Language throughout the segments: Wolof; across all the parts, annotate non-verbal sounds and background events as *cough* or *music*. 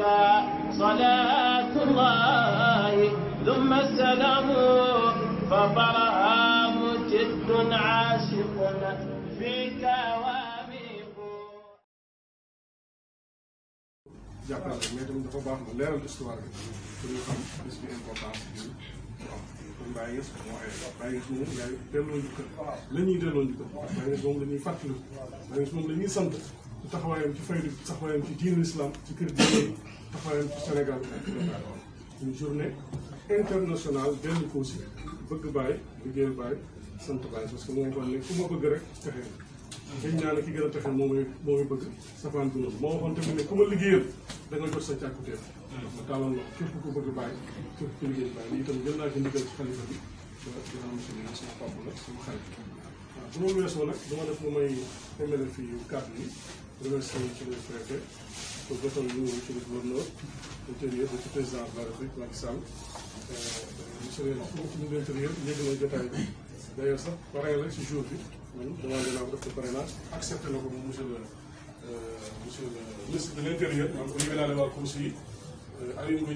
عليك صلاة الله ثم السلام فطرها مجد عاشق فيك واميق jàppal mais tamit dafa baax ma leeral histoire bi pour ñu xam bis bi importance bi mu am kon Baye Niass moo ay Baye Niass moom yaay delloo njukkal la ñuy delloo njukkal Baye Niass moom la ñuy fàttali Baye Niass moom la ñuy sant ci taxawaayam ci faydu ci taxawaayam ci diinu islam ci kër diine taxawaayam ci Sénégal ak une journée internationale dellu ko si bëgg bàyyi liggéeyal bàyyi sant bàyyi parce que moo waxoon ne ku ma bëgg rek texe dañ ñaan ki gën a texe moom mooy bëgg safaan bi noonu moo waxoon tamit ne ku ma liggéeyal da nga jot sa càkkuteef ma taaloon wax képp ku bëgg bàyyi képp ku liggéeyal bàyyi lii itam jël naa ci ndigal ci xalifa bi dina am suñu sama papa la sama xarit waaw bu ma weesoo nag dama def lu may emele fii kàddu yi remercier ci le préfet pour jotal ñu ci le gouverneur intérieur ba ci président de la République Macky Sall monsieur le ministre de l'intérieur léegi euh, bi d'ailleurs sax pare la ci jour bi man demandé naa ko def ko parrainage accepté na ko moom monsieur le monsieur le ministre de l'intérieur man ko yëgee naa ne waa commission yi Aliou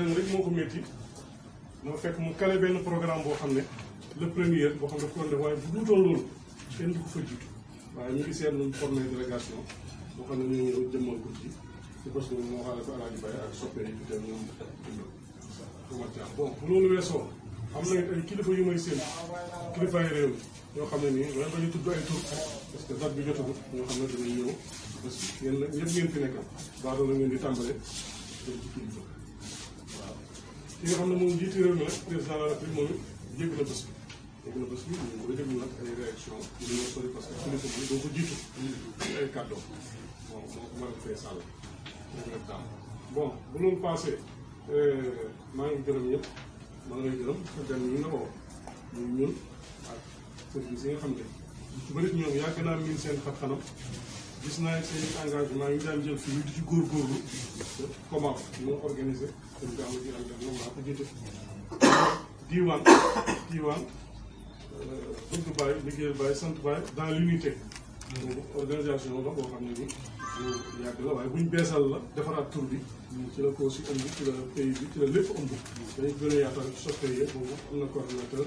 leen rek moo ko métti moo fekk mu kale benn programme boo xam ne le premier boo xam ne dafa doon def waaye bu duutoon loolu kenn du fa jiitu waaye ñu ngi seetlu formé délégation boo xam ne ñu ngi ñëw jëmmal ko ci ci parce que moo xaale a Alaaji Baye ak soppe yi di dem yi ba parce que date bi jotagut ñoo xam na ngeen di xam ne moom jiitu réew mi la président de la République moom dégg na bés bi na bés bi ñu ngi ko déglu nag ay réaction ñu ngi sori parce que suñu doo ko jiitu ci a bon bu loolu euh, maa ngi gërëm ñëpp maa ngi lay gërëm gan ñu na ko ñu ñun yi nga xam ne ci bëri ñoom yàgg naa miin seen xar-xanam gis naa seen engagement yi daan jël fii di ci góorgóorlu comment moo organisé dañ ko am ci engagement maa ko jiite diiwaan diiwaan bëgg *coughs* bàyyi liggéeyal bàyyi sant bàyyi dans l'unité boobu organisation la boo xam ne ni bu yàgg la waaye buñ beesal la defaraat tur bi ci la koo si ëmb ci la pays bi ci la lépp ëmb dañu gën a yaatal ci boobu am na coordinateur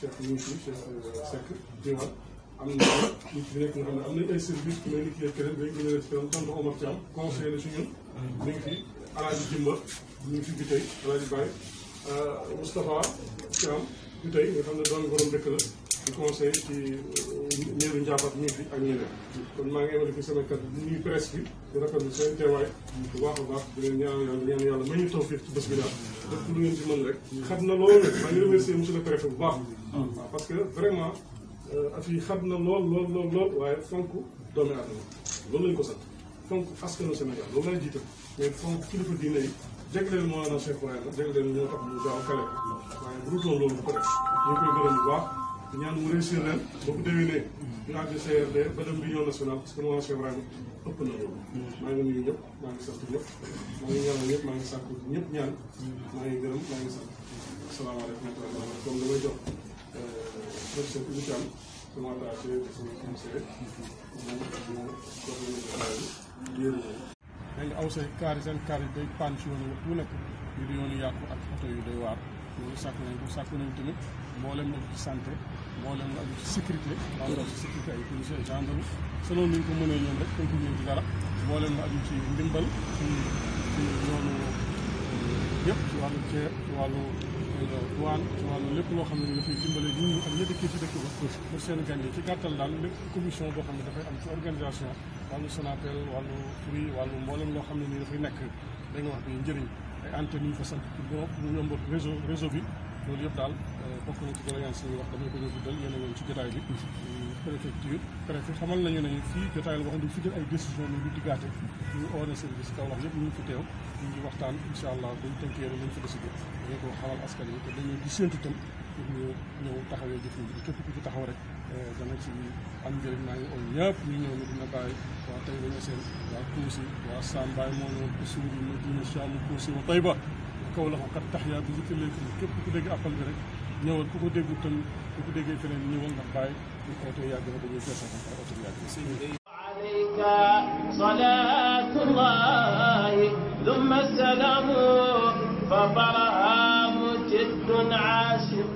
Cheikh Moussa Cheikh euh, Seck diiwaan am na nit nekk nga xam ne am nañ ay service ku mel keneen léegi ñu ne def tam tonton Omar Thiam conseiller la mm. ngi fi alaaji Jimba ñu ngi fi bi tey alaaji Baye Euh, Moustapha Thiam bi tey nga xam ne doon borom dëkk la di conseil ci euh, ñeeru njaafaat ñii fi ak ñeneen kon maa ngi yemale fi sama kat ñuy presse bi di rafetlu seen teewaay bu baax a baax di leen ñaan yàlla ñaan yàlla ma ñu tawfiq ci bés bi na loolu nag maa ngi remercier bu baax mm. parce que vraiment euh, af yi xam na lool lool lool lool waaye fonk doomi aadama loolu lañ ko sant fonk askanu Sénégal loolu lay jiital mais fonk kilifa diine yi jagleel moo na Cheikh Ibrahima jagleel ñoo tax mu gaaw kale waaye bu dutoon loolu bu ko def ñu koy gërëm bu baax di ñaan mu réussir ren ba bu déwénee ñu àgg CRD ba dem bi union nationale parce que moo na Cheikh Ibrahima ëpp na loolu maa ngi nuyu ñëpp maa ngi sant ñëpp maa ngi ñaanal ñëpp maa ngi sàkku ñëpp ñaan maa ngi gërëm maa ngi sant asalaamaaleykum wa rahmatulah kon damay jox euh, professeur Ibou Thiam sama attaché de sama conseiller moom da nga aw say kaar yi seen kaar yi day pan ci yoon lu nekk ñu di yoonu yàqu ak oto yu day waar loolu sàkk nañ ko sàkk nañ tamit mboolem aju ci santé mboolem aju ci sécurité wala ci sécurité ay policiers gendarme selon ni ñu ko mënee ñoom rek tënku ñu ci dara mboolem aju ci ndimbal ci ci yoonu yëpp ci wàllu ceeb ci wàllu douane ci wàllu lépp loo xam ne dafay dimbale nit ñi ci dëkk ba yi ci gàttal daal lépp commission boo xam ne dafay am ci organisation wàllu Sonatel wàllu Free wàllu mboolem loo xam ne nii dafay nekk da nga wax ni njëriñ ay antenne yu fa sant ci boo mu yomb réseau bi loolu yëpp daal euh, bokk na ci doléance yi wax dañu ko ñu guddal yéen a bi préfecture préfet xamal nañu ne fii jotaay la wax fi jël ay décision ni ñu diggaate ñu oone service Kaolack yëpp ñu ngi fi teew ñu ngi waxtaan incha allah buñ tënkee rek lañ fa décidé dañu ko xamal askan yi te di séntu tam pour ñu ñëw taxawee jëfin bi képp ku ci taxaw rek euh, dana ci am njëriñ maa ngi oon ñëpp ñu ñëw ñu dina bàyyi waa tey dañu seen waa Kousi waa Sambaay moo ñëw suur ñu dina saamu Kousi wa tey ba kaw la ko kat tax yaa bi ñu tëlee fii képp ku dégg appel bi rek ñëwal ku ko déggu tam ku ko déggee feneen ñëwal nga bàyyi ñu oto yàgg na dañuy feesal xam ay oto yàgg alayka salaatullahi thumma salaamu fa barahamu jiddun aashiq